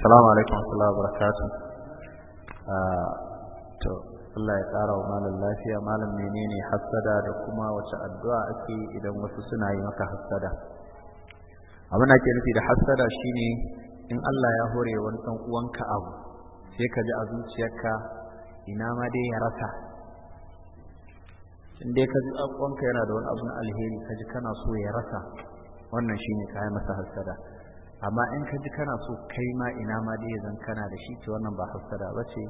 Assalamu alaikum warahmatullahi wabarakatuh. Ah, to Allah ya tsara wa malam lafiya malam menene hassada da kuma wace addu'a ake idan wasu suna yi maka hassada. Abin da ke nufi da hassada shine in Allah ya hore wani ɗan uwanka abu sai ka ji a zuciyarka ina ma dai ya rasa. In dai ka ji uwanka yana da wani abu na alheri ka ji kana so ya rasa wannan shine kai masa hassada. amma in ka ji kana so kai ma ina ma dai zan kana da shi ce wannan ba hasada ba ce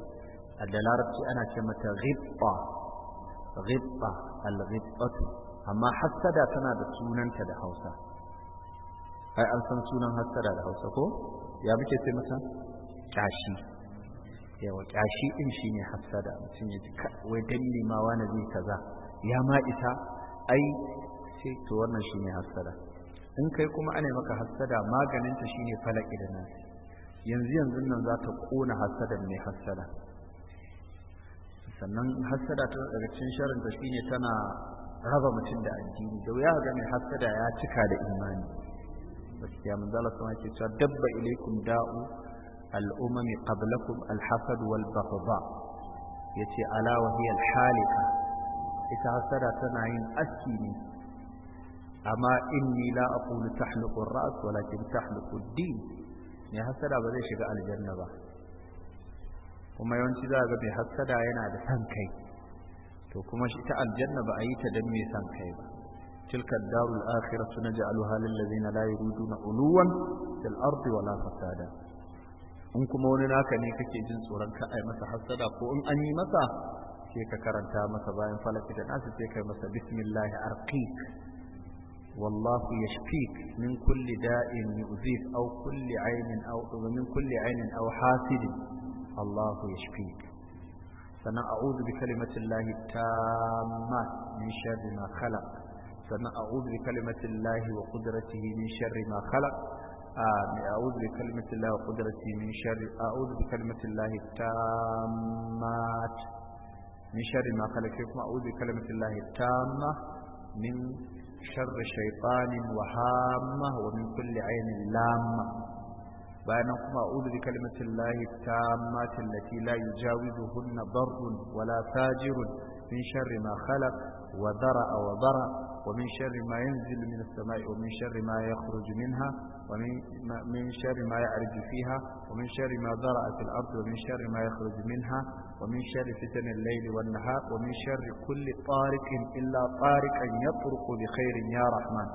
a da larabci ana ce mata ghibba ghibba al ghibbatu amma hasada tana da sunanta da Hausa ai an san sunan hasada da Hausa ko ya muke sai mata kashi yawa kashi din shine hasada mutum ya ji wai dan ma wani zai kaza ya ma isa ai sai to wannan shine hasada in kai kuma ana maka hassada maganinta shine falaki da nan yanzu yanzu nan za ta kona hassadan mai hassada sannan hassada ta daga cikin sharinta shine tana raba mutum da addini da wuya ga mai hassada ya cika da imani gaskiya mun zala sama ke cewa dabba ilaikum da'u al'umami qablakum al-hasad wal baghdha yace ala wa hiya al-halika ita hassada tana yin aski ne amma inni la aqulu tahliqu ar-ra's walakin tahliqu ad-din ne hasada ba zai shiga aljanna ba kuma yawanci za ga mai hasada yana da san kai to kuma shi ta aljanna ba a yi ta dan mai san kai ba tilka ad-darul akhiratu naj'aluha lil ladzina la yuriduna uluwan fil ardi wala fasada in kuma wani naka ne kake jin tsoron ka ai masa hasada ko in an yi masa sai ka karanta masa bayan falaki da nasu sai kai masa bismillah arqiq والله يشفيك من كل داء يؤذيك أو كل عين أو من كل عين أو حاسد الله يشفيك فأنا أعوذ بكلمة الله التامة من شر ما خلق فأنا أعوذ بكلمة الله وقدرته من شر ما خلق أعوذ بكلمة الله وقدرته من شر أعوذ بكلمة الله التامات من شر ما خلق أعوذ بكلمة الله التامة من شر شيطان وهامة ومن كل عين لامة بينكم أعوذ بكلمة الله التامة التي لا يجاوزهن ضر ولا فاجر من شر ما خلق وذرأ وبرأ ومن شر ما ينزل من السماء ومن شر ما يخرج منها ومن من شر ما يعرج فيها ومن شر ما ذرأ في الأرض ومن شر ما يخرج منها ومن شر فتن الليل والنهار ومن شر كل طارق إلا طارقا يطرق بخير يا رحمن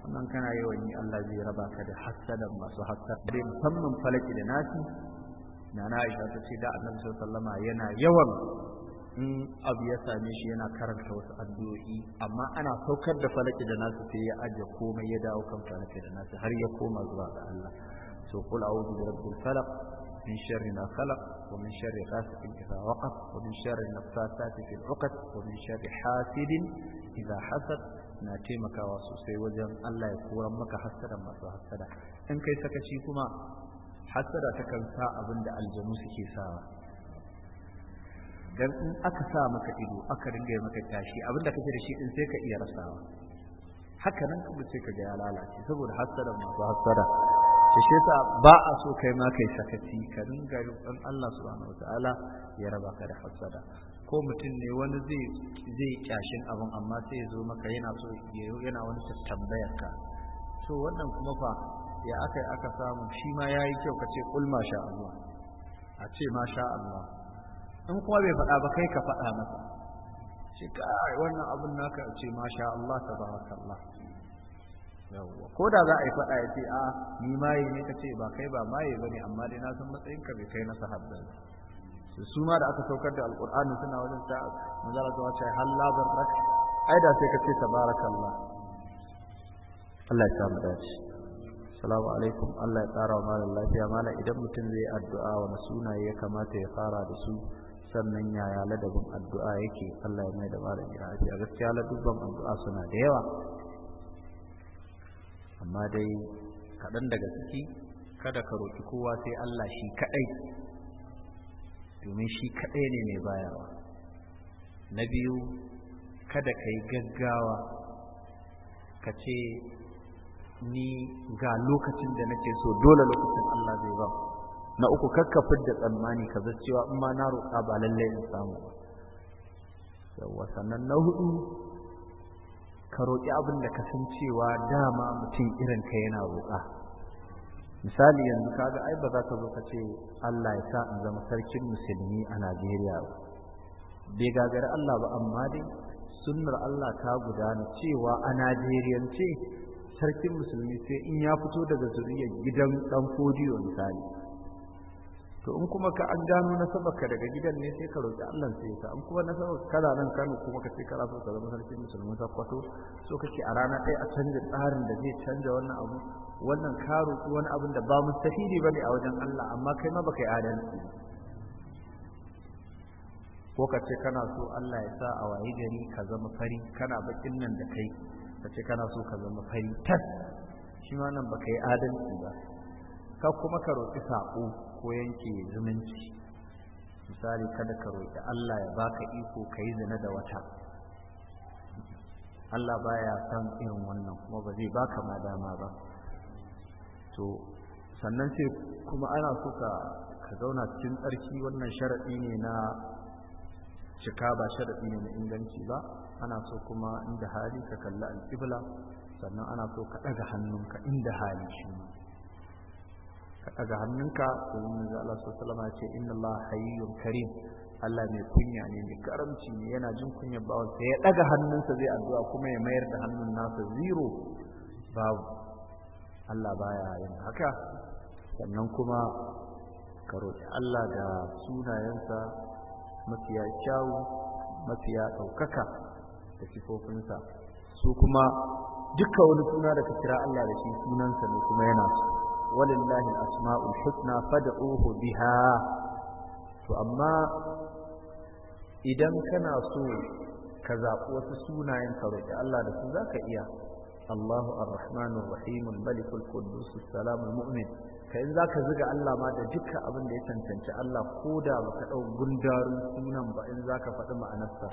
wannan kana yawan yi Allah zai raba ka da hassadan masu hassada dai musamman falaki da nasi na na aisha ta ce da annabi sallallahu yana yawan in abu ya same shi yana karanta wasu addu'o'i amma ana saukar da falaki da nasi sai ya aje komai ya dawo kan falaki da nasu har ya koma zuwa ga Allah so qul a'udhu bi rabbil falaq min sharri ma khalaq ومن شر غاسق إذا وقف ومن شر النفاثات في العقد ومن شر حاسد إذا حسد na taimakawa sosai wajen Allah ya koran maka hasada masu hasada in kai sakaci kuma hasada ta kan sa abinda da aljanu suke sawa dan in aka sa maka ido aka ringa maka tashi abin da kake da shi din sai ka iya rasawa hakanan nan kuma sai ka ga ya lalace saboda hasadan masu hasada to shi yasa ba a so kai ma kai sakaci ka dinga roƙon Allah subhanahu wataala ya raba ka da hasada ko mutum ne wani zai zai kyashin abin amma sai ya zo maka yana so yana wani tambayar ka to wannan kuma fa ya aka aka samu shi ma yayi kyau ka ce kul masha Allah a ce masha Allah in kuma bai faɗa ba kai ka faɗa masa shi kai wannan abin naka a ce masha Allah tabarakallah yawwa ko da za a yi faɗa ya ce a ni maye ne ka ce ba kai ba maye ba ne amma dai na san matsayin ka bai kai na ne su ma da aka saukar da alƙur'ani suna wajen ta manzala ta wace halla barrak ai da sai ka ce tabarakallah Allah ya samu dace assalamu alaikum Allah ya tsara wa malam lafiya malam idan mutum zai addu'a wa sunaye ya kamata ya fara da su sannan yaya ladabin addu'a yake Allah ya mai da malam ya lafiya gaskiya ladabin addu'a suna da yawa amma dai kaɗan daga ciki kada ka roƙi kowa sai Allah shi kaɗai domin shi kaɗai ne mai bayarwa na biyu kada ka yi gaggawa ka ce ni ga lokacin da nake so dole lokacin Allah zai ba na uku kakka fidda tsammani ka cewa in na roƙa ba lallai in samu ba yawwa sannan na hudu ka roƙi abin da ka san cewa dama mutum irin ka yana roƙa misali yanzu kaga ai ba za ka zo ka ce Allah ya sa in zama sarkin musulmi a Najeriya ba bai gagari Allah ba amma dai sunnar Allah ta gudana cewa a ce sarkin musulmi sai in ya fito daga zuriyar gidan ɗan fodiyo misali to in kuma ka an gano nasabarka daga gidan ne sai ka roƙi Allah sai ka in kuma nasabar kana nan Kano kuma ka ce kana so ka zama sarki musulmi ta kwato so kake a rana ɗaya a canja tsarin da zai canja wannan abu wannan ka roƙi wani abin da ba mu ba bane a wajen Allah amma kai ma baka yi adalci ko ka ce kana so Allah ya sa a wayi gari ka zama fari kana bakin nan da kai ka ce kana so ka zama fari tas shi ma nan baka yi adalci ba ka kuma ka roƙi saƙo ko yanke zumunci misali kada ka roƙi Allah ya baka iko ka yi zina da wata Allah baya san irin wannan kuma ba zai baka ma dama ba to sannan sai kuma ana so ka ka zauna cikin tsarki wannan sharaɗi ne na cika ba sharaɗi ne na inganci ba ana so kuma inda hali ka kalli alƙibla sannan ana so ka ɗaga hannunka inda hali shi ka ɗaga hannunka domin manzo Allah sallallahu alaihi ce inna Allah hayyun karim Allah mai kunya ne mai karamci ne yana jin kunyar bawan sai ya daga hannunsa zai addu'a kuma ya mayar da hannun nasa zero babu Allah baya yin haka sannan kuma ka roƙi Allah da sunayensa mafiya kyawu mafiya ɗaukaka da sifofinsa su kuma dukkan wani suna da ka kira Allah da shi sunansa ne kuma yana so walillahi asma'ul husna fad'uhu biha to amma idan kana so ka zaɓi wasu sunayen ka roƙi Allah da su za ka iya Allahu ar-Rahman ar-Rahim al-Malik al-Quddus as-Salam al in za ka zuga Allah ma da dukkan abin da ya cancanci Allah ko da ba ka ɗau gundarun sunan ba in za ka faɗi ma'anarsa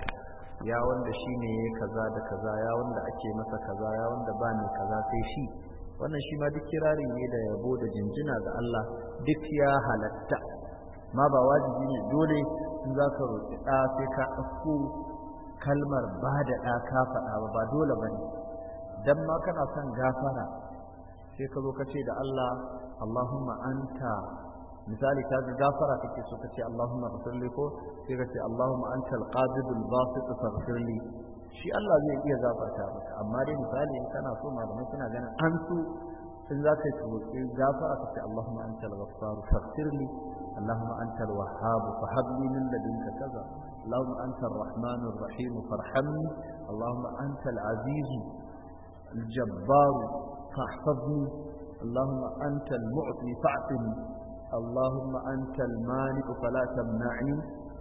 ya wanda shi ne kaza da kaza ya wanda ake masa kaza ya wanda ba ne kaza sai shi wannan shi ma duk kirari ne da yabo da jinjina ga Allah duk ya halatta ma ba wajibi ne dole in za ka roƙi ɗa sai ka ɗauko kalmar ba da ɗa ka faɗa ba ba dole ba ne dan ma kana son gafara sai ka zo ka ce da Allah Allahumma anta misali ka ga gafara kake so ka ce Allahumma ghfirli ko sai ka ce Allahumma anta al-qabid al-basit faghfirli shi Allah zai iya gafarta maka amma dai misali in kana so malamai suna ganin an su in za ka yi roƙi gafara ka ce Allahumma antal ghaffaru faghfirli Allahumma antal wahhab fahabli min ladunka kaza Allahumma antar rahmanur rahim farhamni Allahumma antal aziz الجبار فاحفظني اللهم أنت المعطي فاعطني اللهم أنت المانع فلا تمنعني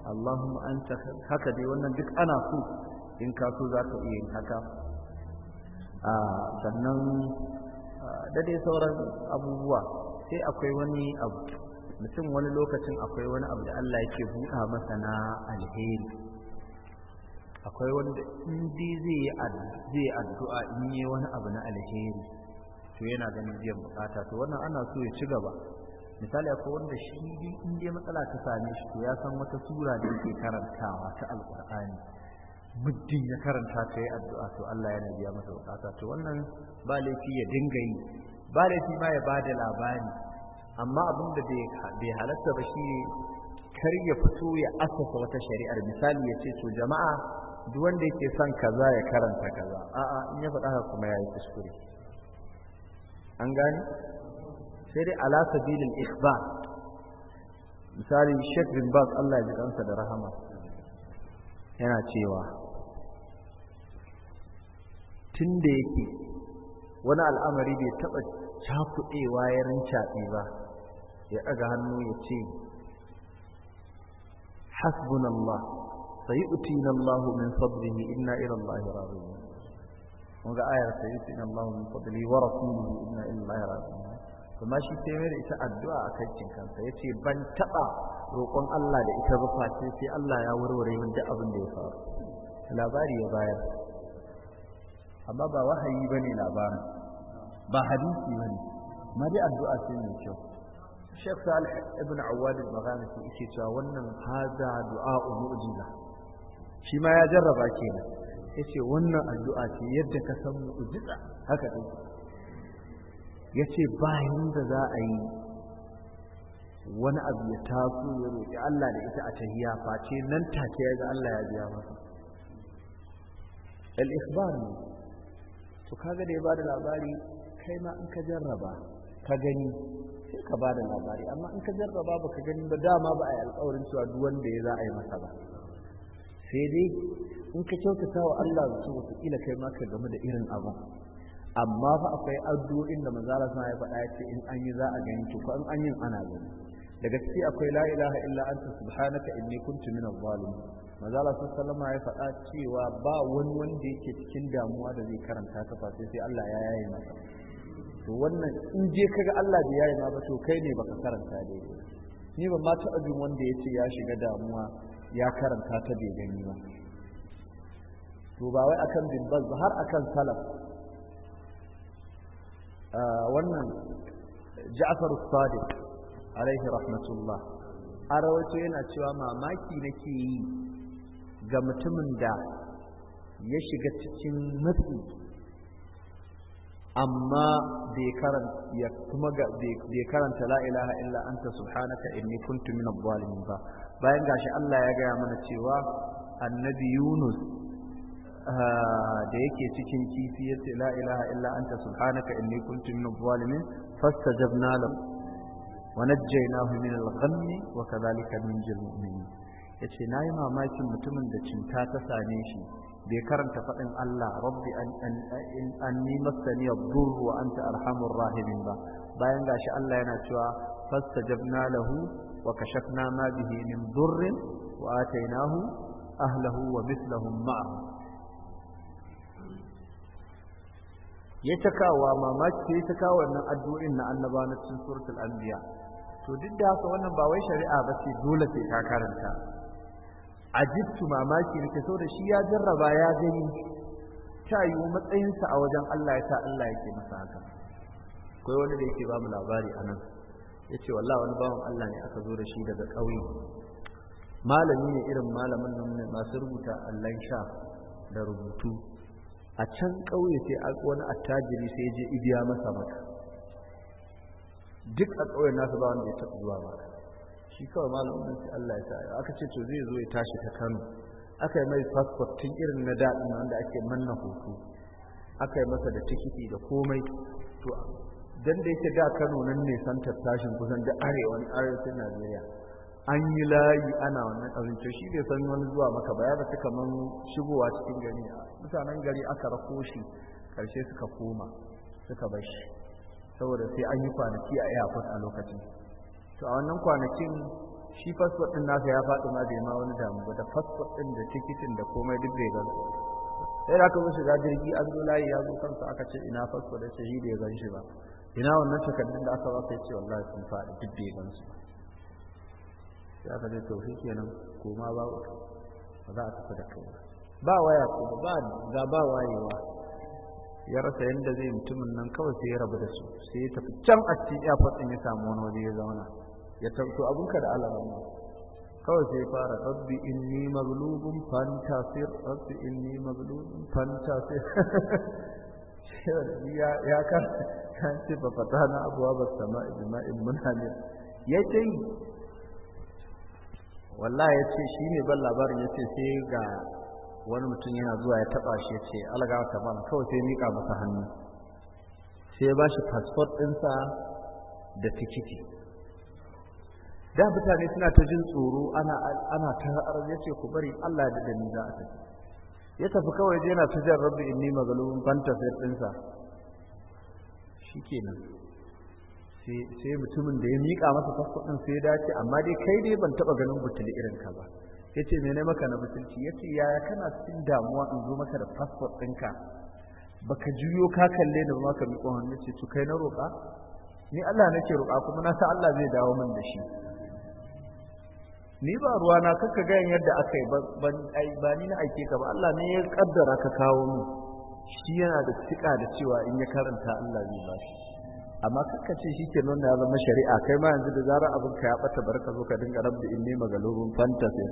اللهم أنت هكذا وانا بك أنا فوق in ka so za ka iya yin haka sannan da dai sauran abubuwa sai akwai wani abu mutum wani lokacin akwai wani abu da Allah yake buɗa masa na alheri akwai wani da indi zai yi addu'a in yi wani abu na alheri to yana ganin biyan bukata to wannan ana so ya ci gaba misali akwai wanda shi in matsala ta same shi to ya san wata sura da yake karantawa ta alkur'ani muddin ya karanta ta yi addu'a to Allah yana biya masa bukata to wannan ba laifi ya dinga yi ba laifi ma ya bada labari amma abin da bai halatta ba shi ne kar ya fito ya asasa wata shari'ar misali ya ce to jama'a duk wanda yake son kaza ya karanta kaza a'a in ya faɗa kuma ya yi kuskure an gane sai dai ala sabilil ikhbar misali Sheikh bin Allah ya ji kansa da rahama yana cewa tun da yake wani al'amari bai taɓa cakuɗewa ya rincaɓe ba ya ɗaga hannu ya ce hasbunallah sai utina Allah min fadlihi inna ila Allah raji'un mun ga ayar sai utina Allah min fadlihi wa rasuluhu inna ila Allah raji'un kuma shi sai mai da ita addu'a a cin kansa ya ce ban taɓa roƙon Allah da ita ba face sai Allah ya warware min duk abin da ya faru labari ya bayar amma ba wahayi ba ne labarin ba hadisi ba ne ma dai addu'a ce mai kyau shek salih ibn awad al-maghani ke yake cewa wannan hada du'a mu'jiza shi ma ya jarraba kenan yace wannan addu'a ce yadda ka san mu'jiza haka din yace ba yanda za a yi wani abu ya taso ya roƙi Allah da ita a tahiya face nan take ya ga Allah ya biya masa al-ikhbar ne to kaga da ya bada labari kai ma in ka jarraba ka gani sai ka bada labari amma in ka jarraba ba ka gani ba dama ba a yi alƙawarin cewa duk wanda ya za a yi masa ba sai dai in ka kyautata wa Allah su wata kila kai ma ka game da irin abu. amma fa akwai addu'o'in da manzo Allah ya faɗa ya ce in an yi za a gani to ko in an yin ana gani da gaske akwai la ilaha illa anta subhanaka inni kuntu minadh-dhalimin manzala sun sallama ya faɗa cewa ba wani wanda yake cikin damuwa da zai karanta ta fa sai Allah ya yaye masa to wannan in je kaga Allah bai yaye ma ba to kai ne baka karanta dai ni ban ma ta wanda yace ya shiga damuwa ya karanta ta bai gani ba to ba wai akan dimbal ba har akan salaf ah, wannan ja'far sadiq alaihi rahmatullah a rawaito yana cewa mamaki nake yi ga mutumin da ya shiga cikin matsi amma bai karanta karanta la ilaha illa anta subhanaka inni kuntu min adh ba bayan gashi Allah ya gaya mana cewa annabi Yunus ah, da yake cikin kifi ya ce la ilaha illa anta subhanaka inni kuntu min adh-dhalimin fastajabna lahu wa najjaynahu min al-ghammi wa kadhalika min al-mu'minin ya ce na yi mamakin mutumin da cinta ta same shi bai karanta faɗin Allah rabbi an ni masani abdur wa an arhamur rahimin ba bayan gashi Allah yana cewa fastajabna lahu wa kashafna ma bihi min durrin wa atainahu ahlahu wa mithlahum ma'ahu ya ta kawo mamaki ya ta kawo wannan addu'o'in na annaba na cikin suratul anbiya to duk da haka wannan ba wai shari'a ba ce dole sai ka karanta ajibtu mamaki nake da shi ya jarraba ya gani ta wa matsayinsa a wajen Allah ya sa Allah yake masa haka akwai wani da yake ba mu labari a nan ya ce wallah wani bawan Allah ne aka zo da shi daga ƙauye malami ne irin malamin nan masu rubuta allon sha da rubutu a can ƙauye sai wani attajiri sai je ibiya masa maka duk a ƙauye nasu ba wanda ya taɓa zuwa ba. shi kawai malamin sai Allah ya sa aka ce to zai zo ya tashi ta Kano aka yi mai passport tun irin na daɗin wanda ake manna hoto aka yi masa da tikiti da komai to dan da yake da Kano nan ne san tattashin kusan da arewa arewacin Najeriya an yi layi ana wannan abin shi bai san wani zuwa maka ba ya bata kaman shigowa cikin gari mutanen gari aka rako shi karshe suka koma suka bashi, saboda sai an yi kwanaki a airport a lokacin to a wannan kwanakin shi fasfot din nasa ya faɗi ma bai ma wani damu ba da fasfot din da tikitin da komai duk bai gan sai da aka zo shiga jirgi an zo layi ya zo kansa aka ce ina fasfot da shi bai gan shi ba ina wannan takardun da aka ba sai ce wallahi sun faɗi duk bai gan su sai aka ce to shi kenan ko ma ba ba za a tafi da kai ba waya ko ba ga ba wayewa ya rasa yadda zai mutumin nan kawai sai ya rabu da su sai ya tafi can a cikin airport din ya samu wani waje ya zauna ya tarto abinka da alamun kawai sai fara rabbi inni maglubun fantasir rabbi inni maglubun fantasir ya kan kan ce ba fata na abuwa ba sama ijma'in muna ne ya ce wallahi ya ce shi ne ban labarin ya ce sai ga wani mutum yana zuwa ya taba shi ya ce alaga ka mana kawai sai mika masa hannu sai ya ba shi fasfot ɗinsa da tikiti da mutane suna ta jin tsoro ana ana ta ya ce ku bari Allah da dani za a tafi ya tafi kawai yana ta jan rabbi inni magalubun banta sai dinsa shikenan sai sai mutumin da ya mika masa fasfadin sai ya dace amma dai kai dai ban taba ganin butuli irin ka ba yace mene maka na butulci yace yaya kana cikin damuwa in zo maka da fasfad ɗinka baka juyo ka kalle da ba ka miƙo hannu ce to kai na roƙa ni Allah nake roƙa kuma na sa Allah zai dawo min da shi ni ba ruwana kakka gayan yadda aka yi ba ni na aike ka ba Allah ne ya kaddara ka kawo mu shi yana da tsika da cewa in ya karanta Allah zai ba shi amma kakka ce shi ke nuna ya zama shari'a kai ma yanzu da zarar abin ka ya bata bar ka zo ka dinga rabda in nema ga lobin fantasy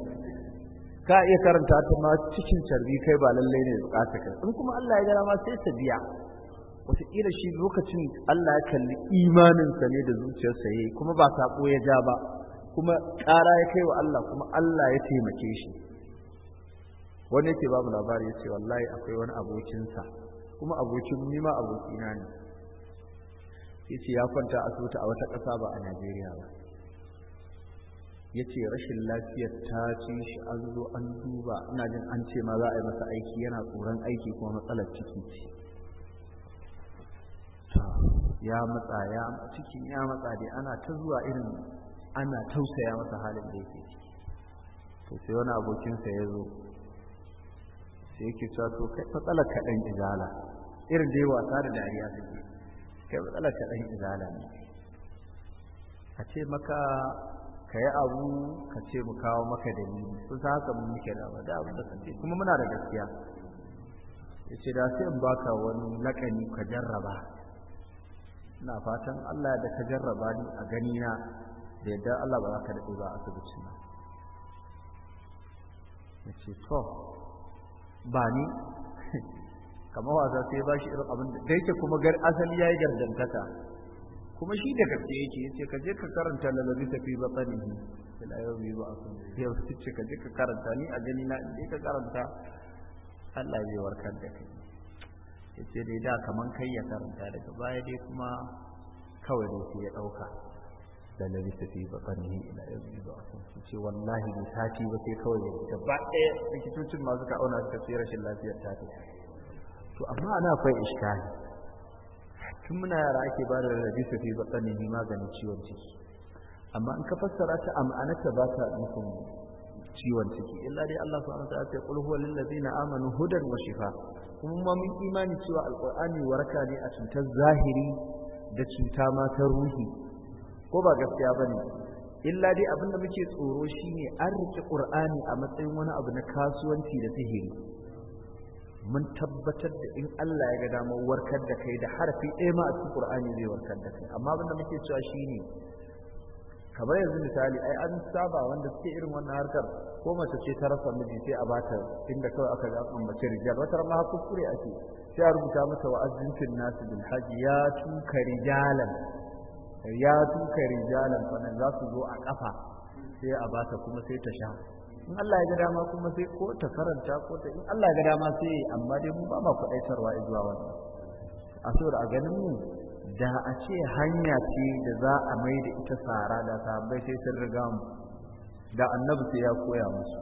ka iya karanta ta ma cikin carbi kai ba lallai ne bukata kai in kuma Allah ya gara ma sai ta biya wataƙila shi lokacin Allah ya kalli imaninsa ne da zuciyarsa ya yi kuma ba saƙo ya ja ba kuma ƙara ya kai wa Allah kuma Allah ya taimake shi wani yake babu labari ya ce wallahi akwai wani abokinsa kuma abokin nima abokina ne ya ce ya kwanta asibiti a wata ƙasa ba a najeriya ba ya ce rashin lafiyar ta ci shi an zo an duba ina jin an ce ma za a yi masa aiki yana tsoron aiki kuma matsalar ciki ce ya matsa ya cikin ya matsa dai ana ta zuwa irin ana tausaya masa halin da yake ciki to sai wani abokinsa ya zo sai yake cewa to kai ka kaɗan izala irin da yawa wasa da dariya suke kai ka kaɗan izala ne a ce maka ka yi abu ka ce mu kawo maka dalili sun sa haka mun muke da da abin da ka ce kuma muna da gaskiya ya ce da sai in baka wani lakani ka jarraba ina fatan Allah da ka jarraba ni a gani na da yadda Allah ba za ka daɗe ba a asibiti na ya ce to ba ni kama wasa sai ba shi irin abin da yake kuma gar asali ya yi gardantaka kuma shi da gaske yake ya ce ka je ka karanta lalari tafi ba ya la yau biyu ba a sun ya ce ka je ka karanta ni a gani na inda ka karanta Allah zai warkar da kai ya ce dai da kaman kai ya karanta daga baya dai kuma kawai da ya ɗauka da na bisa fi bakanihi ila yanzu yi ba su ce wallahi bai sati ba sai kawai ya fita ba ɗaya likitocin masu suka auna suka sai rashin lafiyar ta ta to amma ana akwai ne. tun muna yara ake ba da rabi su fi bakanihi maganin ciwon ciki amma in ka fassara ta am'anarta ba ta nufin ciwon ciki illa dai Allah subhanahu wataala ya qul huwa lil ladina amanu hudan wa shifa kuma mun imani cewa alqur'ani waraka ne a cutar zahiri da cuta ma ta ruhi ko ba gaskiya ba ne illa dai abin da muke tsoro shine an riƙe ƙur'ani a matsayin wani abu na kasuwanci da sihiri mun tabbatar da in Allah ya ga damar warkar da kai da harfi ɗaya ma a cikin ƙur'ani zai warkar da kai amma abin da muke cewa shine kamar yanzu misali ai an saba wanda suke irin wannan harkar ko mace ce ta rasa miji sai a bata inda kawai aka ga an mace rijal wata ma hakuri ake sai a rubuta masa wa'azin fil nasu bil ya tuka rijalan ya tuka rijalan fanan za su zo a kafa sai a bata kuma sai ta sha in Allah ya ga dama kuma sai ko ta karanta ko ta in Allah ya ga dama sai amma dai mun ba ma kudaitarwa zuwa wannan a saboda a ganin mu da a ce hanya ce da za a mai da ita tsara da sahabbai sai sun riga mu da annabi sai ya koya musu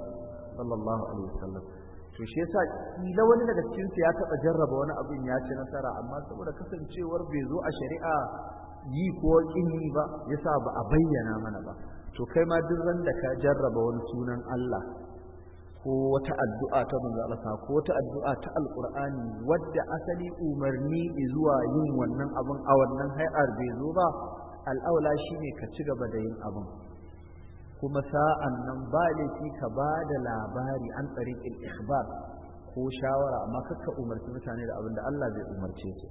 sallallahu alaihi wasallam to shi yasa kila wani daga cikin su ya taba jarraba wani abin ya ci nasara amma saboda kasancewar bai zo a shari'a yi ko kin yi ba yasa ba a bayyana mana ba to kai ma duk da ka jarraba wani sunan Allah ko wata addu'a ta manzo ko wata addu'a ta alqur'ani wadda asali umarni zuwa yin wannan abun a wannan hay'ar bai zo ba al'aula shine ka ci gaba da yin abun kuma sa'an nan ba laifi ka ba da labari an tsari ikhbar ko shawara amma kakka umarci mutane da abin da Allah bai umarce su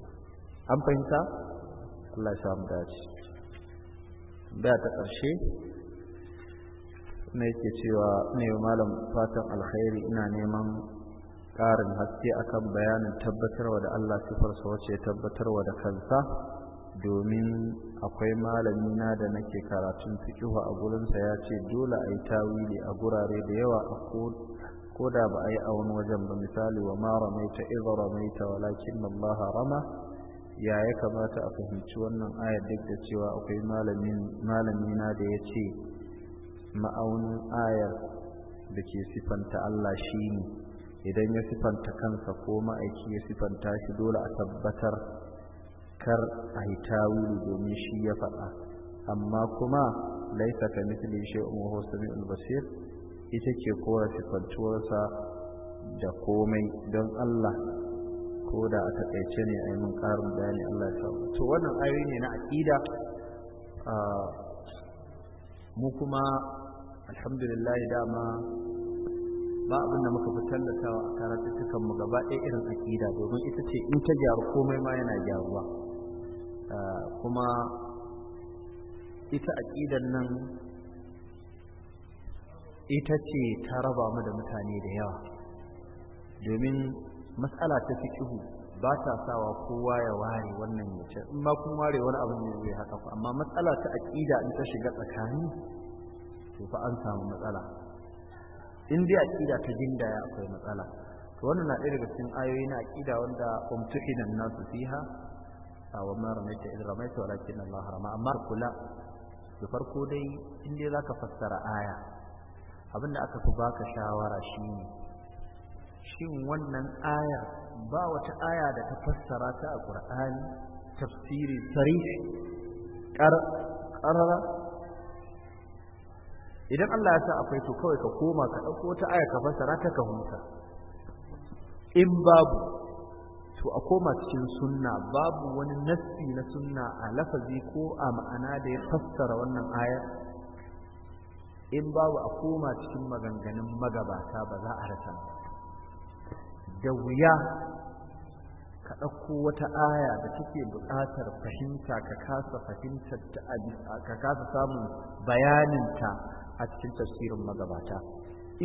an fahimta Allah ya samu dace Da ta ƙarshe na yake cewa ne malam fatan alkhairi ina neman ƙarin haske akan bayanin tabbatarwa da Allah sifarsa wacce tabbatarwa da kansa domin akwai malami na da nake karatun fikihu a gurinsa ya ce dole a yi tawili a gurare da yawa a ko da ba a yi a wani wajen ba misali wa ma ramaita idh ramaita walakin Allah rama ya ya kamata a fahimci wannan ayar duk da cewa akwai malamina da ya ce ma'aunin ayar da ke sifanta Allah shi ne idan ya sifanta kansa ko ma'aiki ya sifanta shi dole a tabbatar kar a yi tawili domin shi ya faɗa amma kuma laisa ka misli shay'un wa basir ita ke kora sifantuwarsa da komai don Allah ko da a takaice ne a yi min ƙarin bayani Allah ya to wannan ayoyi ne na aƙida mu kuma alhamdulillah dama ba abin da muka fi tallatawa a karatuttukan mu gaba ɗaya irin aƙida domin ita ce in ta gyaru komai ma yana gyaruwa kuma ita aƙidan nan ita ce ta raba mu da mutane da yawa domin matsala ta fiqhu ba ta sawa kowa ya ware wannan ya ce in ba kun ware wani abu ne zai haka ku amma matsala ta aqida in ta shiga tsakani to fa an samu matsala in dai aqida ta gindaya akwai matsala to wannan na ɗaya daga cikin ayoyi na aqida wanda na nasu fiha wa ma ramaita idh ramaita lakin Allah rama amma kula da farko dai in dai zaka fassara aya abinda aka fi baka shawara shine shin wannan aya ba wata aya da ta fassara ta a ƙur'ani tafsiri sari ƙarara idan Allah ya sa akwai to kawai ka koma ka ɗauko wata aya ka fassara ta ka huta in babu to a koma cikin sunna babu wani nassi na sunna a lafazi ko a ma'ana da ya fassara wannan aya? in babu a koma cikin maganganun magabata ba za a rasa ba da wuya ka ɗauko wata aya da take buƙatar fahimta ka kasa fahimtar ta ka kasa samun bayaninta a cikin tafsirin magabata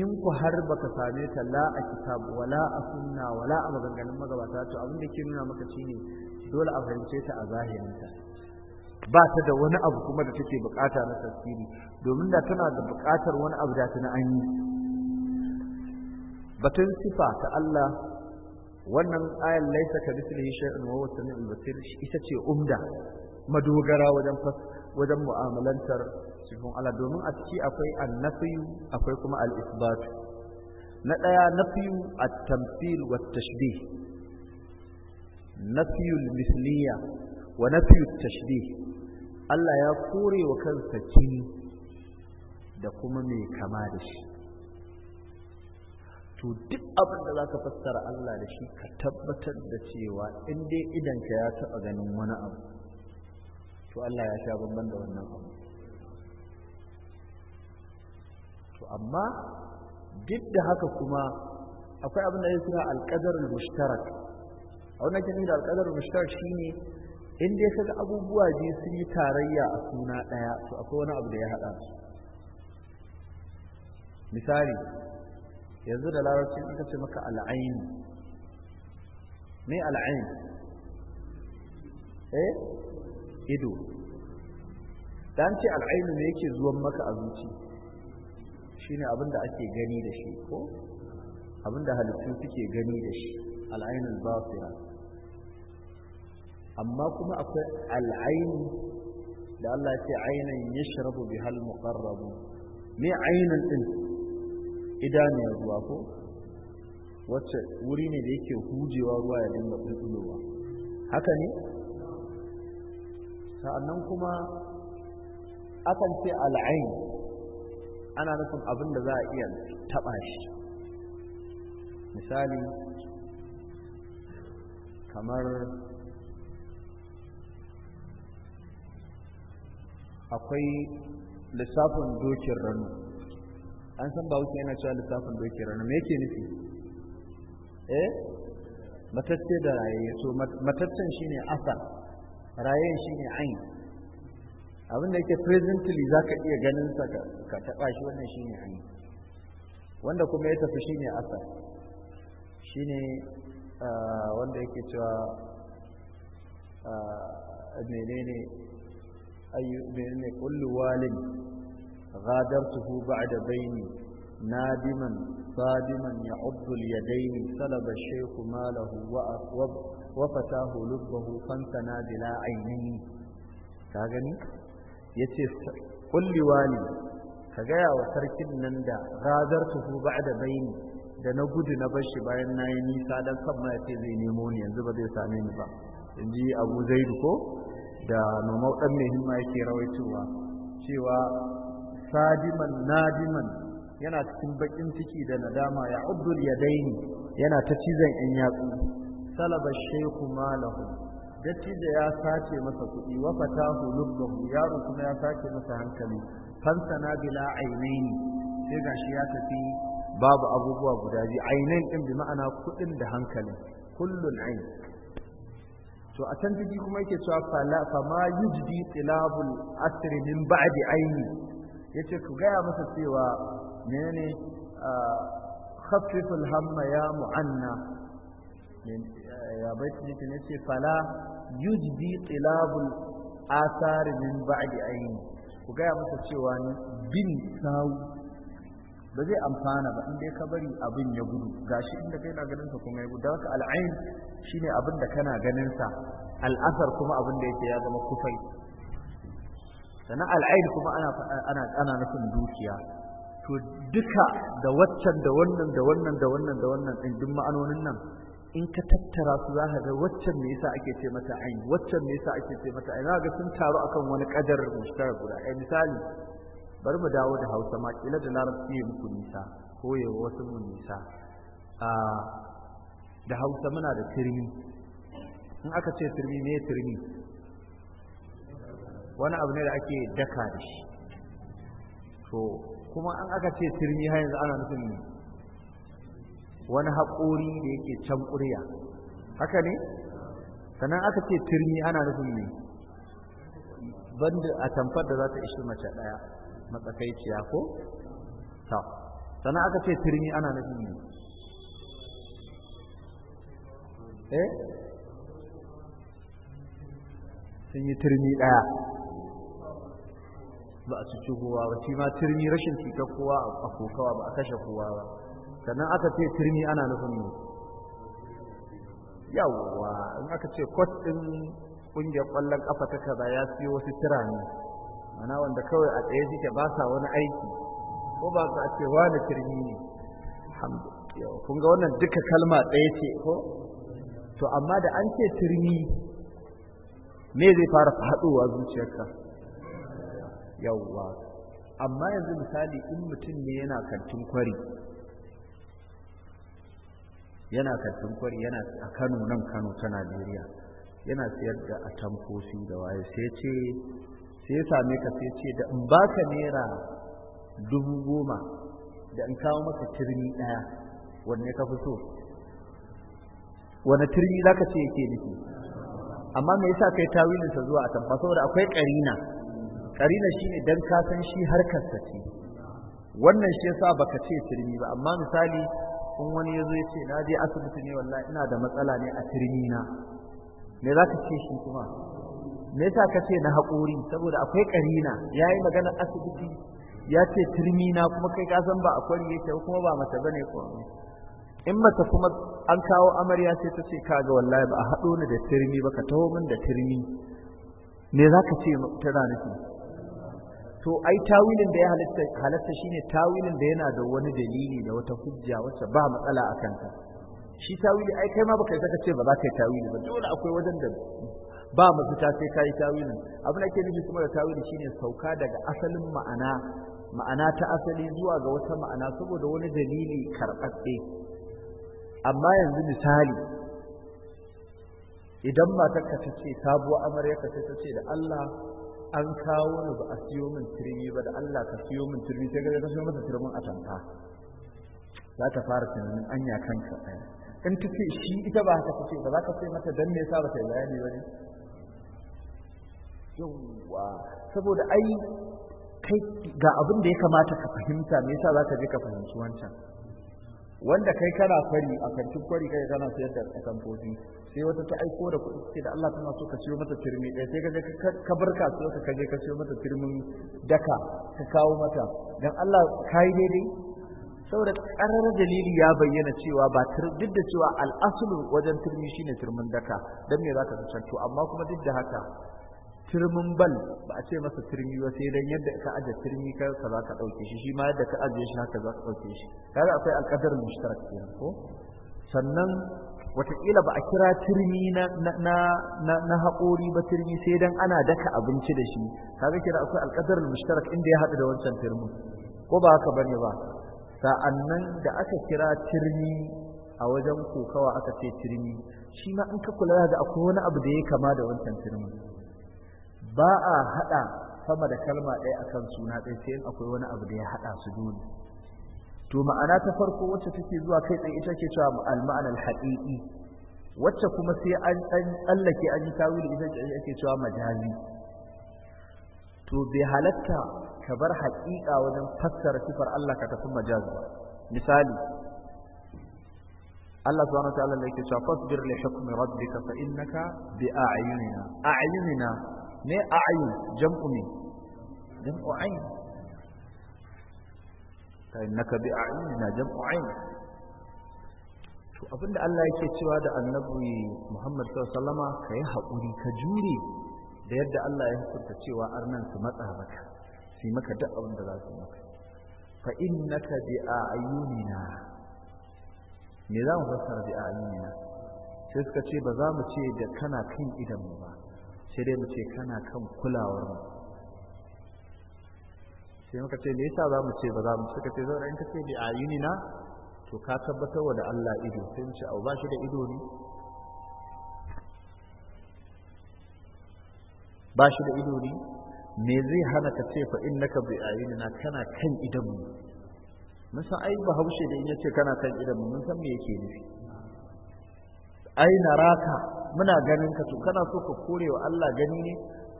in ku har baka same ta la a kitab wala a sunna wala a maganganun magabata to abin da ke nuna maka shine dole a fahimce ta a zahirinta ba ta da wani abu kuma da take bukata na tafsiri domin da tana da bukatar wani abu da ta na an batun sifa ta Allah wannan ayar laisa ka mislihi shay'un wa huwa samiul basir ita ce umda madogara wajen fas wajen mu'amalantar sifin Allah domin a ciki akwai annafiyu akwai kuma al-isbat na daya nafiyu at-tamthil wa at-tashbih nafiyul misliya wa nafiyu nafiyut tashbih Allah ya kore wa kansa kini da kuma mai kama da shi to duk abin da za ka fassara Allah da shi ka tabbatar da cewa in dai idanka ya taɓa ganin wani abu to Allah ya sha bamban da wannan abu to amma duk da haka kuma akwai abin da ya suna alƙadar mushtarak a wannan kini da alƙadar mushtarak shine in dai ga abubuwa biyu sun yi tarayya a suna ɗaya to akwai wani abu da ya haɗa su misali yanzu da larabci ita ce maka al'ain me al'ain eh ido dan ce al'ainu ne yake zuwan maka a zuci shine abin da ake gani da shi ko abin da halittu suke gani da shi al'ainul basira amma kuma akwai al'ainu da Allah ya ce ainan yashrabu bihal muqarrabu me ainun din idaniyar ruwa ko wacce wuri ne da yake hujewa ruwa ya dinga bulbulowa haka ne sa'annan kuma akan ce al'ain ana nufin abin da za a iya taɓa shi misali kamar akwai lissafin dokin rano. an san ba wuce yana cewa lissafin doki rana me yake nufi eh matacce da raye to matacen shine asar raye shine ain abin da yake presently zaka iya ganin sa ka taba shi wannan shine ain wanda kuma ya tafi shine asar shine ah, wanda yake cewa ah, menene menene kullu walin غادرته بعد بيني نادما صادما يعض اليدين سلب الشيخ ماله وفتاه لبه فانتنى بلا عينين كاغني يتف قل لوالي كغايا وتركن نن غادرته بعد بيني da na gudu na bashi bayan na yi nisa don kan ma yace zai nemo ni yanzu ba zai same ni ba in ji abu zaidu ko da nomau dan mai himma yake rawaitowa cewa sadiman nadiman yana cikin bakin ciki da nadama ya uddul daini yana ta cizon yan yatsu salaba shaykhu malahu dattijo ya sace masa kuɗi wa fatahu lubbahu yaro kuma ya sace masa hankali fansana bila ainaini sai gashi ya tafi babu abubuwa guda biyu ainain din bi ma'ana kuɗin da hankali kullun ain to a can ciki kuma yake cewa fala fa ma yujdi tilabul asri min ba'di aini yace ku gaya masa cewa menene khaffiful hamma ya mu'anna eh, ya baiti ne ya ce fala yujzi tilabul asar min ba'di ayn ku gaya masa cewa bin sawu ba zai amfana ba inda ka bari abin ya gudu gashi inda kai na ganin sa kuma ya gudu haka al'ain shine abin da kana ganin sa al'asar kuma abin da yake ya zama kufai sannan al'ain kuma ana ana ana nufin dukiya to duka da waccan da wannan da wannan da wannan da wannan din duk ma'anonin nan in ka tattara su za ka ga waccan me yasa ake ce mata ain waccan me yasa ake ce mata ain za ga sun taru akan wani kadar mushtar guda ai misali bari mu dawo da Hausa ma kila da Larabci ya muku nisa ko ya wasu mu nisa a da Hausa muna da turmi in aka ce turmi me turmi wani abu ne da ake daka da shi to kuma an aka ce turmi har yanzu ana nufin wani haƙori da yake can ƙuriya haka ne sannan aka ce turmi ana nufin ne banda a tamfar da za ta ishi mace ɗaya matsakaiciya ko ta sannan aka ce turmi ana nufin ne eh sun yi turmi ɗaya ba a cuci kowa ba shi ma turmi rashin cutar kowa a kokawa ba a kashe kowa ba sannan aka ce turmi ana nufin ne yawwa in aka ce kwas ɗin ƙungiyar ƙwallon ƙafa ta kaza ya siyo wasu ne mana wanda kawai a tsaye suke ba sa wani aiki ko ba a ce wani turmi ne kun ga wannan duka kalma ɗaya ce ko to amma da an ce turmi me zai fara faɗowa zuciyarka yawwa amma yanzu misali in mutum ne yana kantin kwari yana kantin kwari yana a kano nan kano ta najeriya yana sayar da atamfosi da waye sai ce sai same ka sai ce da in baka naira dubu goma da in kawo maka turmi ɗaya wanne ka fi so wani turmi za ka ce yake nufi amma me yasa kai tawilinsa zuwa atamfa saboda akwai ƙarina karina shi dan ka san shi harkar sa ce wannan shi yasa baka ce turmi ba amma misali in wani yazo ya ce na je asibiti ne wallahi ina da matsala ne a turmi na me za ka ce shi kuma me yasa ka ce na haƙuri saboda akwai karina yayi magana asibiti ya ce turmi na kuma kai ka san ba akwai yake kuma ba mata bane ko in mace kuma an kawo amarya sai ta ce kaga wallahi ba a haɗo ni da turmi ba ka taho min da turmi me za ka ce tana nufi to ai tawilin da ya halatta halatta shine tawilin da yana da wani dalili da wata hujja wacce ba matsala a kanta shi tawili ai kai ma baka yi saka ce ba za ka yi tawili ba dole akwai wajen da ba mafita sai ka yi tawilin abin da ke nufi kuma da tawili shine sauka daga asalin ma'ana ma'ana ta asali zuwa ga wata ma'ana saboda wani dalili karɓaɓɓe amma yanzu misali idan matarka ta ce sabuwar amarya sai ta ce da Allah an kawo ni ba a siyo min turmi ba da Allah ka siyo min turmi sai ga ka siyo masa turmin a tanka za ta fara tunanin anya kanka in ta ce shi ita ba haka ce ba za ka sai mata dan me yasa ba ta yi bayani ba ne yawwa saboda ai kai ga abin da ya kamata ka fahimta me yasa za ka je ka fahimci wancan wanda kai kana fari a kantin kwari kai kana sayar da kasan sai wata ta aiko da kuɗi ce da Allah tana so ka siyo mata turmi ɗaya sai ka je ka bar kasuwa ka kaje ka siyo mata turmin daka ka kawo mata dan Allah kai daidai saboda ƙarar dalili ya bayyana cewa ba duk da cewa al'asulu wajen turmi shine turmin daka dan me zaka to amma kuma duk da haka turmin bal ba a ce masa turmi ba sai dan yadda ka aje turmi ka ka za ka dauke shi shi ma yadda ka aje shi haka za ka dauke shi kaga akwai alqadar mushtarak kenan ko sannan wataƙila ba a kira turmi na haƙori ba turmi sai dan ana daka abinci da shi kaga kira akwai alƙadar mushtarak inda ya haɗu da wancan turmi ko ba haka bane ba sa'annan da aka kira turmi a wajen kokawa aka ce turmi shi ma an ka kula da akwai wani abu da ya kama da wancan turmi ba a haɗa sama da kalma ɗaya akan suna ɗaya sai in akwai wani abu da ya haɗa su dole to ma'ana ta farko wacce take zuwa kai tsaye ita ke cewa al-ma'ana al-haqiqi wacce kuma sai an dan tsallake an yi tawili ita ce ake cewa majazi to bai halatta ka bar haƙiƙa wajen fassara sifar Allah ka tafi majazi ba misali Allah subhanahu wa ta'ala yake cewa fasbir li hukmi rabbika fa innaka bi a'yunina a'yunina ne a'yun jam'u ne jam'u ayn innaka bi a'yunina jam'u ayn to abinda Allah yake cewa da annabi Muhammad sallallahu alaihi wasallama yi haƙuri ka jure da yadda Allah ya hukunta cewa arnan su matsa maka su maka duk abin da za su maka fa innaka bi a'yunina me za mu fassara bi a'yunina sai suka ce ba za mu ce da kana kan idan mu ba sai dai mu ce kana kan kulawar mu sai muka ce me yasa za mu ce ba za mu ce ka ce zan ranka ce bi yi na to ka tabbatar wa da Allah ido sai mu ce au ba shi da ido ne ba shi da ido ne me zai hana ka ce fa innaka bi yi na kana kan idan mu mun san ai bahaushe da in yace kana kan idan mu mun san me yake nufi ai raka? muna ganin ka to kana so ka kore wa Allah gani ne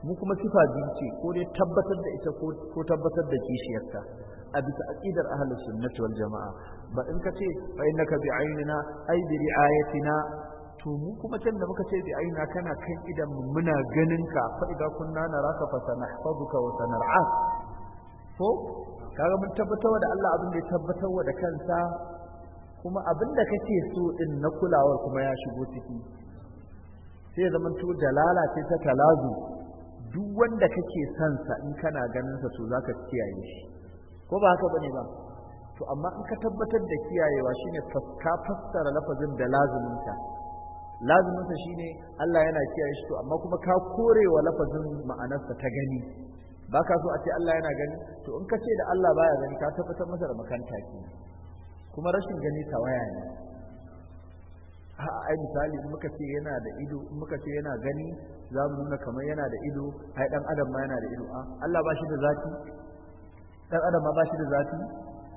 mu kuma sifa biyu ce ko dai tabbatar da ita ko tabbatar da kishiyarta a bisa aqidar ahlus sunnati wal jamaa ba in ka ce fa innaka bi aynina ay bi riayatina to mu kuma da muka ce bi aina kana kan idan muna ganin ka fa ida kunna naraka fa sanahfaduka wa sanar'a ko kaga mun tabbatar da Allah abin da ya tabbatar da kansa kuma abin da kake so din na kulawar kuma ya shigo ciki sai zaman to dalala ce ta talazu duk wanda kake sansa in kana ganin sa to zaka kiyaye shi ko ba haka bane ba to amma in ka tabbatar da kiyayewa shine ka fassara lafazin da lazumin ta lazumin sa shine Allah yana kiyaye shi to amma kuma ka korewa lafazin ma'anarsa ta gani ba ka so a ce Allah yana gani to in ka ce da Allah baya gani ka tabbatar masa da makanta kuma rashin gani ta waya ne ai misali in muka ce yana da ido in muka ce yana gani za mu nuna kamar yana da ido ai dan adam ma yana da ido a ah, Allah ba shi da zati dan adam ma ba shi da zati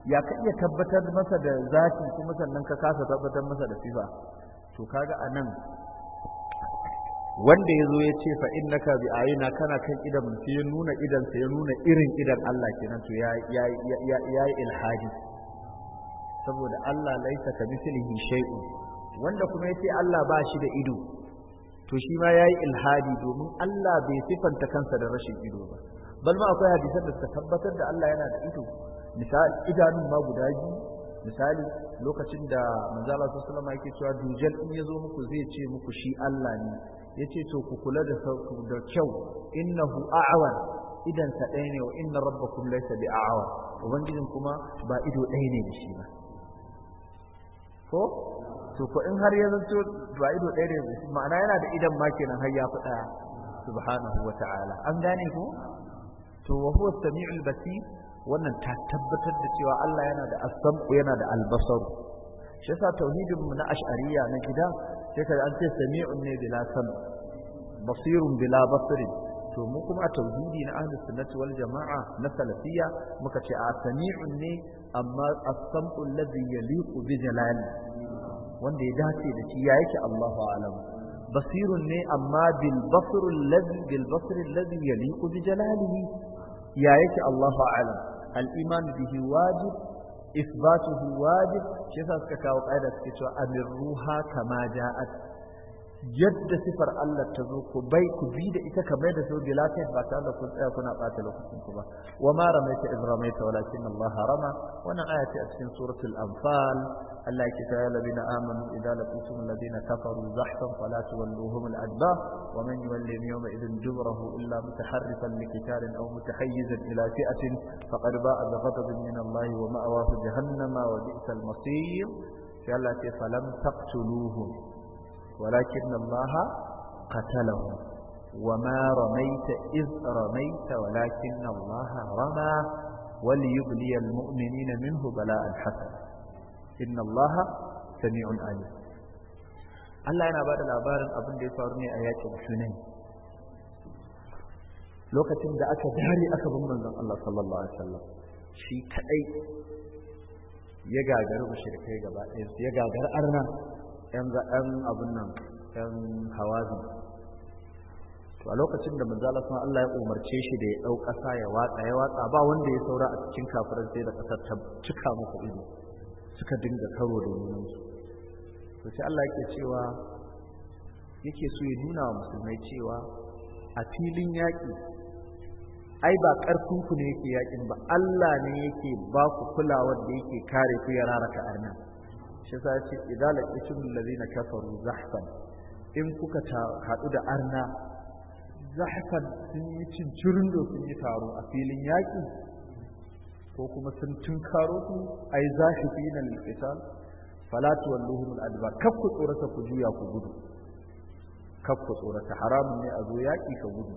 ya ka iya tabbatar masa da zati kuma sannan ka kasa tabbatar masa da sifa to kaga anan wanda ya zo ya ce fa innaka bi ayina kana kan idan sai ya nuna idan sai ya nuna irin idan Allah kenan to ya ya ya ya ilhaji saboda Allah laisa ka mislihi shay'un wanda kuma ya ce Allah ba shi da ido to shi ma ya yi ilhadi domin Allah bai sifanta kansa da rashin ido ba bal ma akwai hadisan da suka tabbatar da Allah yana da ido misali idanun ma guda biyu misali lokacin da manzo Allah sallallahu alaihi yake cewa dujal in yazo muku zai ce muku shi Allah ne yace to ku kula da da kyau innahu a'war idan ta ɗaya ne wa inna rabbakum laysa bi'awar ubangijin kuma ba ido ɗaya ne da shi ba ko to ko in har ya zanto ba ido ɗaya da yanzu ma'ana yana da idan ma kenan har ya faɗa subhanahu wa ta'ala an gane ko to wa huwa sami'ul basir wannan ta tabbatar da cewa Allah yana da asam yana da albasar shi yasa tauhidin mu na ashariya na gida sai ka an ce sami'un ne bila sam basirun bila basiri. to mu kuma a tauhidi na ahlus sunnati wal jama'a na salafiyya muka ce a sami'un ne amma as-sam'u alladhi yaliqu bi jalali wanda ya dace da shi ya yake Allahu alam basirun ne amma bil basr alladhi bil basr alladhi yaliqu bi jalalihi ya yake Allahu alam al iman bihi wajib isbatuhu wajib shi yasa suka kawo kaida suke cewa amir ruha kama ja'at yadda sifar Allah ta zo ku bai ku bi da ita kamar da zo bila ba tare da kun tsaya kuna bata lokacin ku ba wa ma ramaita iz ramaita walakin Allah rama wannan aya ce a cikin suratul anfal الله يكتب الذين آمنوا إذا لقيتم الذين كفروا زحفا فلا تولوهم الأدباء ومن يولهم يوم إذن جبره إلا متحرفا لكتار أو متحيزا إلى فئة فقد باء بغضب من الله ومأواه جهنم وبئس المصير في التي فلم تقتلوهم ولكن الله قتلهم وما رميت إذ رميت ولكن الله رمى وليبلي المؤمنين منه بلاء حسنا inna Allah sami'un alim Allah yana ba da labarin abin da ya faru ne a yakin sunai lokacin da aka dare aka bin manzon Allah sallallahu alaihi wasallam shi kadai ya mu mushrikai gaba ɗaya ya gagar arna yan ɗan abun nan yan hawazi to a lokacin da manzala sun Allah ya umarce shi da ya dau ƙasa ya watsa ya watsa ba wanda ya saura a cikin kafirai sai da ƙasar ta cika muku ido suka dinga karo da nunansu to Allah yake cewa yake so ya nuna wa musulmai cewa a filin yaƙi ai ba ƙarfinku ne yake yaƙin ba Allah ne yake ba ku kulawar da yake kare ku ya ka arna shi sa ya ce idza lullazi na kafaru zahfan in kuka haɗu da arna zahfan sun yi cincirin sun yi taro a filin yaƙi ko kuma sun tunkaro su ai zahifina lil qital fala tuwalluhum al adbar kaf ku tsorata ku juya ku gudu kaf ku tsorata haramun ne a zo yaki ka gudu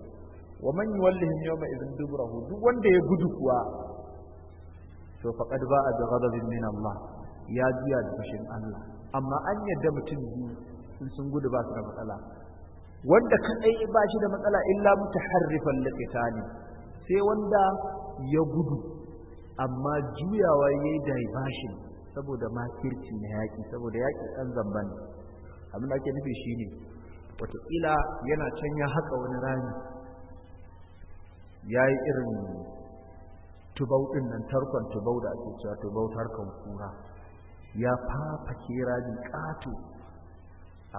wa man yuwallihim yawma idhin dubrahu duk wanda ya gudu kuwa to ba a bi ghadabin min Allah ya juya da fushin Allah amma an yadda mutum biyu in sun gudu ba su da matsala wanda kadai ba shi da matsala illa mutaharrifan liqitani sai wanda ya gudu amma juyawa ya yi daibashin saboda makirci na yaƙi saboda yaƙi ɗan zamba ne abin da ake nufi shi ne wataƙila yana can ya haƙa wani rami ya yi irin tubau ɗin nan tarkon tubau da ake cewa tubau tarkon kura ya fafake rami ƙato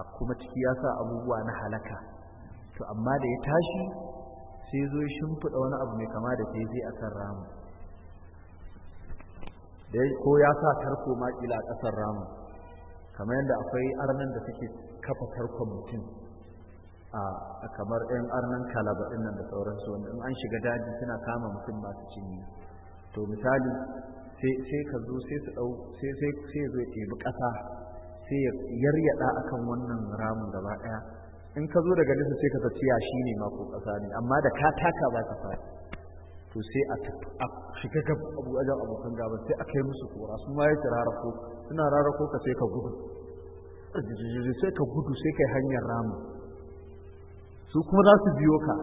a kuma ciki ya sa abubuwa na halaka to amma da ya tashi sai zo ya shimfiɗa wani abu mai kama da sai zai a kan ramu da ko ya sa tarko ma kila kasar ramu kamar yadda akwai arnan da suke kafa tarkon mutum a kamar ɗan arnan kalaba nan da sauransu wanda in an shiga daji suna kama mutum masu cinye to misali sai ka zo sai su ɗau sai sai zo ya ɗebi ƙasa sai ya yaryaɗa akan wannan ramin gaba ɗaya in ka zo daga nesa sai ka ga ciya shi ne ma ko ƙasa ne amma da ka taka ba ka fara to sai a shiga gab abu wajen abokan gaban sai a yi musu kora su ma yake rarako suna rarako ka sai ka gudu sai ka gudu sai kai hanyar rama su kuma za su biyo ka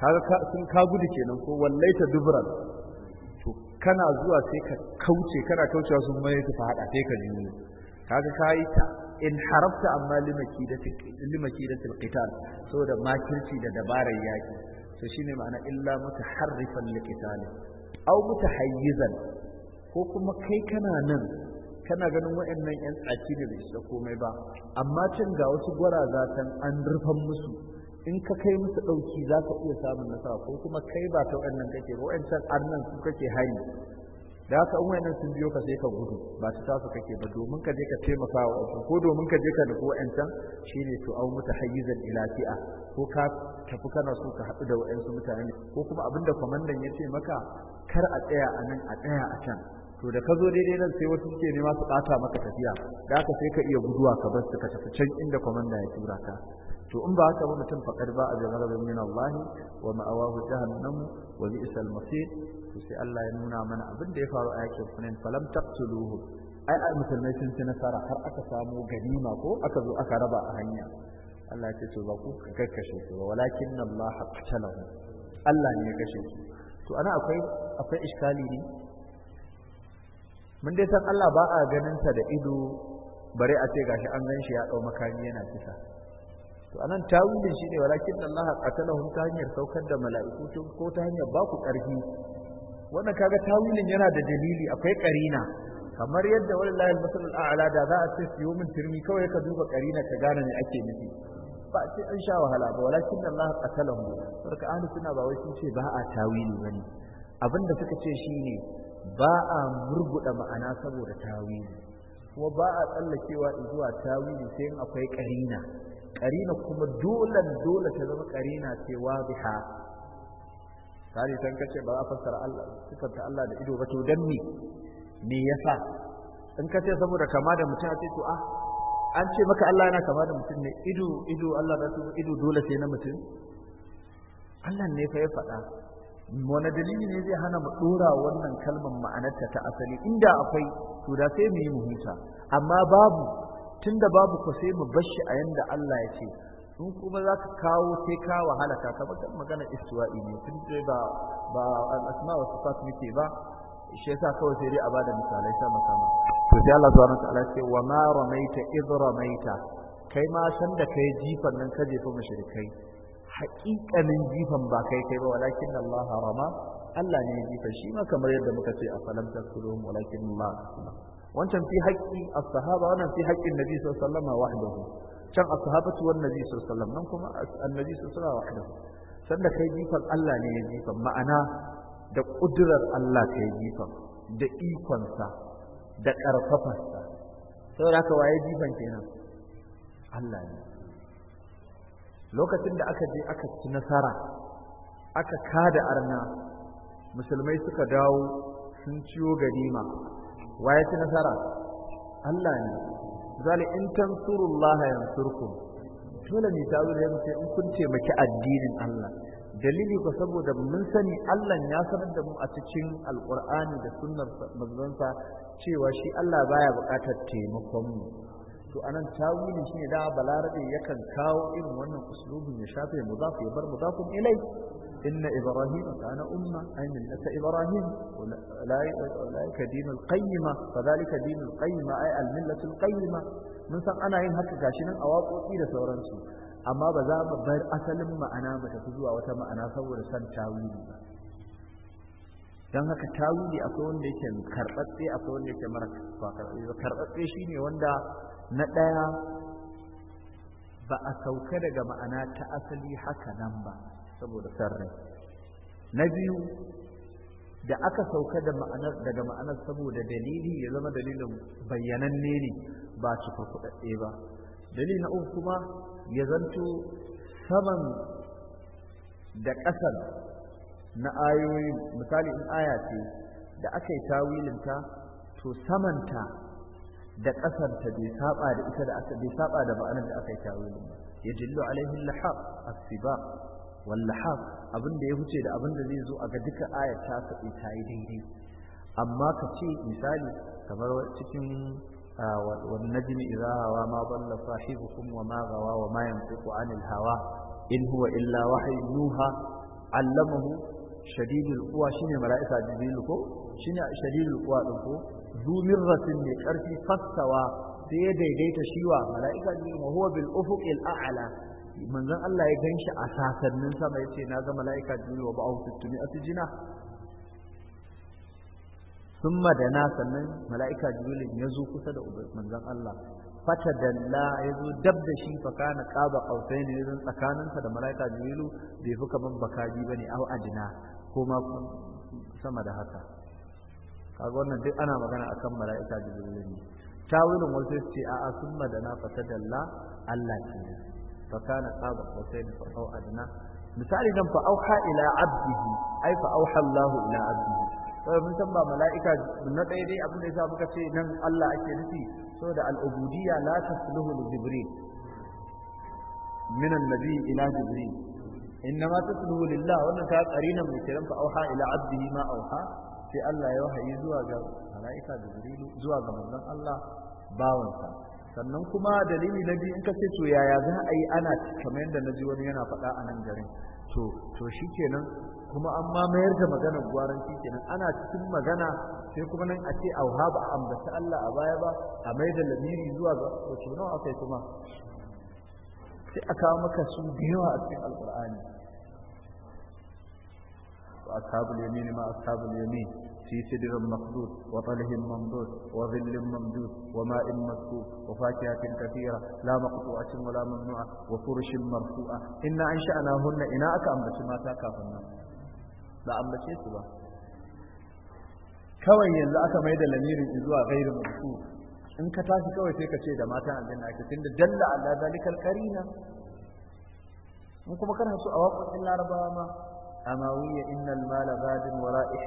kaga sun ka gudu kenan ko wallai ta dubran to kana zuwa sai ka kauce kana kaucewa sun mai ta fada sai ka biyo kaga yi ta in harafta amma limaki da limaki da tilqital saboda makirci da dabarar yaki to shine ma'ana illa mutaharrifan liqitali aw mutahayyizan ko kuma kai kana nan kana ganin wa'annan yan tsaki ne da su komai ba amma can ga wasu gwaraza can an rufan musu in ka kai musu ɗauki za ka iya samun nasara ko kuma kai ba ta wa'annan kake ba waɗancan arnan su kake hari da haka in wayannan sun biyo ka sai ka gudu ba su tasu kake ba domin ka je ka taimaka wa wasu ko domin ka je ka nufi wa'ancan shine to au muta hayyizan fi'a ko ka tafi kana so ka haɗu da wa'ansu mutane ko kuma abinda kwamandan ya ce maka kar a tsaya a nan a tsaya a can to da ka zo daidai nan sai wasu suke nema su ɓata maka tafiya da haka sai ka iya guduwa ka bar su ka tafi can inda kwamandan ya tura ka to in ba haka ba mutum faƙar ba a jama'a min Allah wa ma'awahu jahannam wa bi'sal masir to sai Allah ya nuna mana abin da ya faru a yakin Hunain falam taqtuluhu ai a musulmai sun ci nasara har aka samu ganima ko aka zo aka raba a hanya Allah ya ce to ba ku ka kakkashe su ba walakin Allah qatalahu Allah ne ya kashe su to ana akwai akwai iskali ne mun dai san Allah ba a ganin sa da ido bare a ce gashi an gan shi ya dau makami yana kisa to anan tawilin shine walakin Allah qatalahu ta hanyar saukar da mala'iku ko ta hanyar ba ku karfi wannan kaga tawilin yana da dalili akwai karina kamar yadda wallahi al-masal al-a'la da za a ce siyo min turmi kawai ka duba karina ka gane me ake nufi ba sai an sha wahala ba walakin Allah qatalahu barka ahli sunna ba wai sun ce ba a tawili bane abinda suka ce shine ba a murguda ma'ana saboda tawili kuma ba a tsallakewa zuwa tawili sai in akwai karina karina kuma dole dole ta zama karina ce wadiha Sani san kace ba za fassara Allah ta Allah da ido ba to dan me me yasa in ka ce saboda kama da mutum a ce to ah an ce maka Allah yana kama da mutum ne ido ido Allah da ido dole sai na mutum Allah ne fa ya faɗa wani dalili ne zai hana mu ɗora wannan kalmar ma'anarta ta asali inda akwai to da sai mu yi mu huta amma babu tunda babu ko sai mu bashi a yanda Allah ya ce in kuma za ka kawo sai ka wahala ka kamar kan magana istiwa'i ne tun da ba ba al'asma wasu sifat muke ba shi sa kawai sai dai a bada misalai sama sama to sai Allah subhanahu ta'ala ce wa ma ramaita id ramaita kai ma san da kai jifan nan ka jefa mushrikai haƙiƙanin jifan ba kai kai ba walakin Allah rama Allah ne ya jifa shi ma kamar yadda muka ce a falam taskulum walakin Allah wancan fi haƙƙi as-sahaba wannan fi haƙƙin nabi sallallahu alaihi wasallam wahdahu can sahabatu wan nabi sallallahu alaihi wasallam nan kuma annabi sallallahu alaihi wasallam sanda kai jifan Allah ne ya jifan ma'ana da kudurar Allah kai jifan da sa da ƙarfafarsa saboda haka waye jifan kenan Allah ne lokacin da aka je aka ci nasara aka kada arna musulmai suka dawo sun ciyo ganima waye ci nasara Allah ne zali in tansurullah yansurkum dole ne ta zo da yamma in kun taimaki addinin Allah dalili ko saboda mun sani Allah ya sanar da mu a cikin alqur'ani da sunnar manzonsa cewa shi Allah baya buƙatar taimakon mu to anan tawili shine da balarabe yakan kawo irin wannan uslubin ya shafe mudaf ya bar mudafun ilai إن إبراهيم كان أمة أي ملة إبراهيم أولئك دين القيمة فذلك دين القيمة أي الملة القيمة من سن أنا ين هكا كاشنا أواقو إلى سورانسو أما بذا بير أسلم ما أنا بتفزوا وتما أنا صور سن تاويلي dan haka tawili akwai wanda yake karbatse akwai wanda yake mara karbatse shine wanda na daya ba a sauka daga ma'ana ta asali haka nan ba saboda sarrai na biyu da aka sauka da daga ma'anar saboda dalili ya zama dalilin bayyananne ne ba ci kurkuɗaɗɗe ba dalili na uku kuma ya zanto saman da ƙasar na ayoyi misali in aya ce da aka yi tawilinta to samanta da ƙasarta bai saba da ita da aka bai saba da ma'anar da aka yi tawilin ya jillu alaihi lahab as wallahaf abin da ya huce da abin da zai zo a ga duka ayar ta faɗi ta yi daidai amma ka ce misali kamar cikin wani najmi izahawa ma balla sahibukum wa ma gawa wa ma yantiqu anil hawa in huwa illa wahyu yuha allamahu shadidul quwa shine mala'ika jibril ko shine shadidul quwa din ko zu mirratin ne karfi fastawa sai ya daidaita shiwa mala'ika jibril wa huwa bil ufuqil a'la manzon Allah ya ganshi a sasannin sama ya ce na ga mala'ika jibril wa ba'u sittuni asjina thumma na sannan mala'ika jibril ya zo kusa da manzon Allah Fata dalla ya zo dab da shi fa kana qaba qausain ne zan tsakaninsa da mala'ika jibril bai fi kaman bakaji bane au adina ko ma sama da haka kaga wannan duk ana magana akan mala'ika jibril ne tawilin wasu ce a'a summa fata dalla Allah ke fa kana qaba qausain fa aw adna misali nan fa auha ila abdihi ai fa auha Allahu ila abdihi sai mun san ba mala'ika na ɗaya dai abin da yasa nan Allah ake nufi saboda al-ubudiyya la tasluhu li jibril min an-nabi ila jibril innama tasluhu lillah wannan ta qarina mai kiran fa auha ila abdihi ma sai Allah ya wahayi zuwa ga jibril zuwa ga manzon Allah bawansa sannan kuma dalili na biyu in ka ce to yaya za a yi ana kamar yadda na ji wani yana faɗa a nan garin to to kenan kuma an ma mayar da maganar gwaranci kenan ana cikin magana sai kuma nan a ce auha ba a ambaci Allah a baya ba a mai da lamiri zuwa ga wato nawa aka yi kuma sai a kawo maka su da yawa a cikin alkur'ani ashabul yamin ma ashabul yamin في سدر مخدود وطله ممدود وظل ممدود وماء مسكوب وفاكهة كثيرة لا مقطوعة ولا ممنوعة وفرش مرفوعة إن أنشأناهن إناءك أم بس ما تاكافنا لا أم بس إيه يسوى كوي إن لأك ميدا لمير غير مرفوض إن كتاك كوي تيكا شيدا ما كان عندنا تند جل على ذلك الكرينة ممكن مكانها سؤال وقت إلا ربما أماوية إن المال غاد ورائح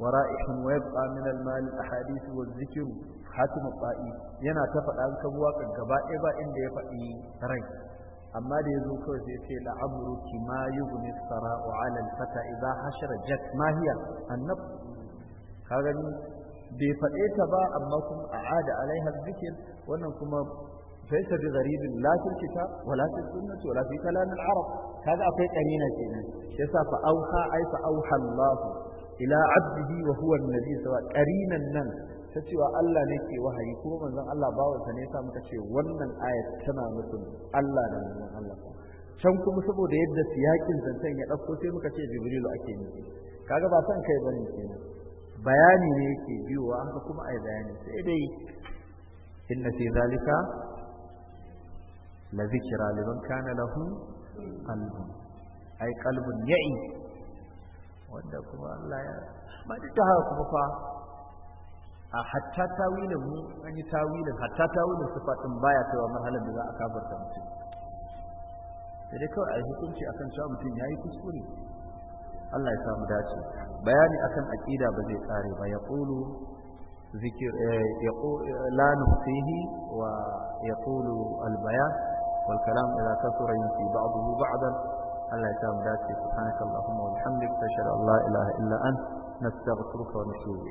ورائح ويبقى من المال الأحاديث والذكر حاتم الطائي ينا تفق عن كبواك القبائب إن يفقي ري أما دي ذوكو زيتي لعمرك ما يغني الثراء على الفتى إذا حشر جت ما هي النبض هذا bai faɗe ta ba amma kuma a ada alaiha zikir wannan kuma faisa bi gharibin la fil kitab wala sunnati wala fi kalam arab kaga akwai qarina kenan yasa fa auha ai fa auha Allah ila abdihi wa huwa annabi sawa qarinan nan ta cewa Allah ne ke wahayi kuma manzon Allah bawansa ne sa muka ce wannan ayat tana nufin Allah da manzon Allah can kuma saboda yadda siyakin zancen ya ɗauko sai muka ce jibril ake nufi kaga ba san kai bane kenan bayani ne yake biyowa haka kuma ai bayani sai dai inna fi zalika la zikra liman kana lahu qalbun ai qalbun ya'i wanda kuma Allah ya ba duk da haka kuma fa a hatta tawilin mu an yi tawilin hatta tawilin sifatin baya kaiwa marhalar da za a kafarta mutum sai dai kawai a hukunci akan cewa mutum ya yi kuskure Allah ya samu dace bayani akan aqida ba zai tsare ba ya qulu zikir eh, ya la nufihi wa yaqulu al bayan wal kalam idha yin fi ba'dahu ba'dan Allah ya samu dace subhanakallahumma wa bihamdika ashhadu an la ilaha illa anta nastaghfiruka wa natubu